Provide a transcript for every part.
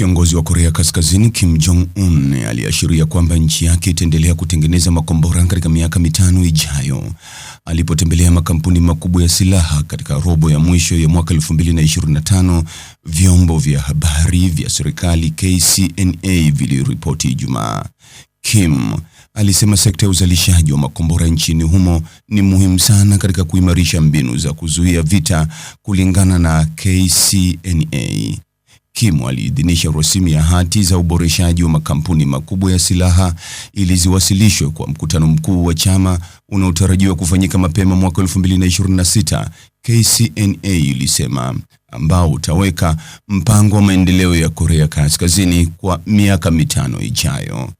Kiongozi wa Korea Kaskazini Kim Jong Un aliashiria kwamba nchi yake itaendelea kutengeneza makombora katika miaka mitano ijayo, alipotembelea makampuni makubwa ya silaha katika robo ya mwisho ya mwaka 2025, vyombo vya habari vya serikali KCNA viliripoti Ijumaa. Kim alisema sekta ya uzalishaji wa makombora nchini humo ni muhimu sana katika kuimarisha mbinu za kuzuia vita kulingana na KCNA. Kim aliidhinisha rasimu ya hati za uboreshaji wa makampuni makubwa ya silaha ili ziwasilishwe kwa mkutano mkuu wa chama unaotarajiwa kufanyika mapema mwaka 2026, KCNA ilisema, ambao utaweka mpango wa maendeleo ya Korea Kaskazini kwa miaka mitano ijayo.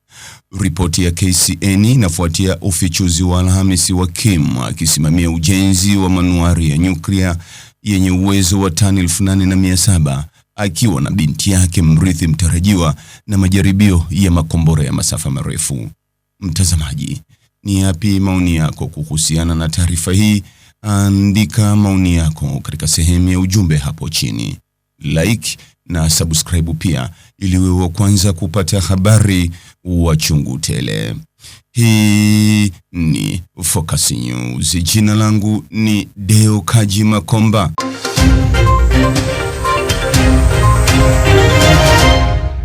Ripoti ya KCN inafuatia ufichuzi wa Alhamisi wa Kim akisimamia ujenzi wa manuari ya nyuklia yenye uwezo wa tani 8700 akiwa na binti yake mrithi mtarajiwa na majaribio ya makombora ya masafa marefu. Mtazamaji, ni yapi maoni yako kuhusiana na taarifa hii? Andika maoni yako katika sehemu ya ujumbe hapo chini, like na subscribe pia, ili wewe wa kwanza kupata habari wa chungu tele. Hii ni Focus News. Jina langu ni Deo Kaji Makomba.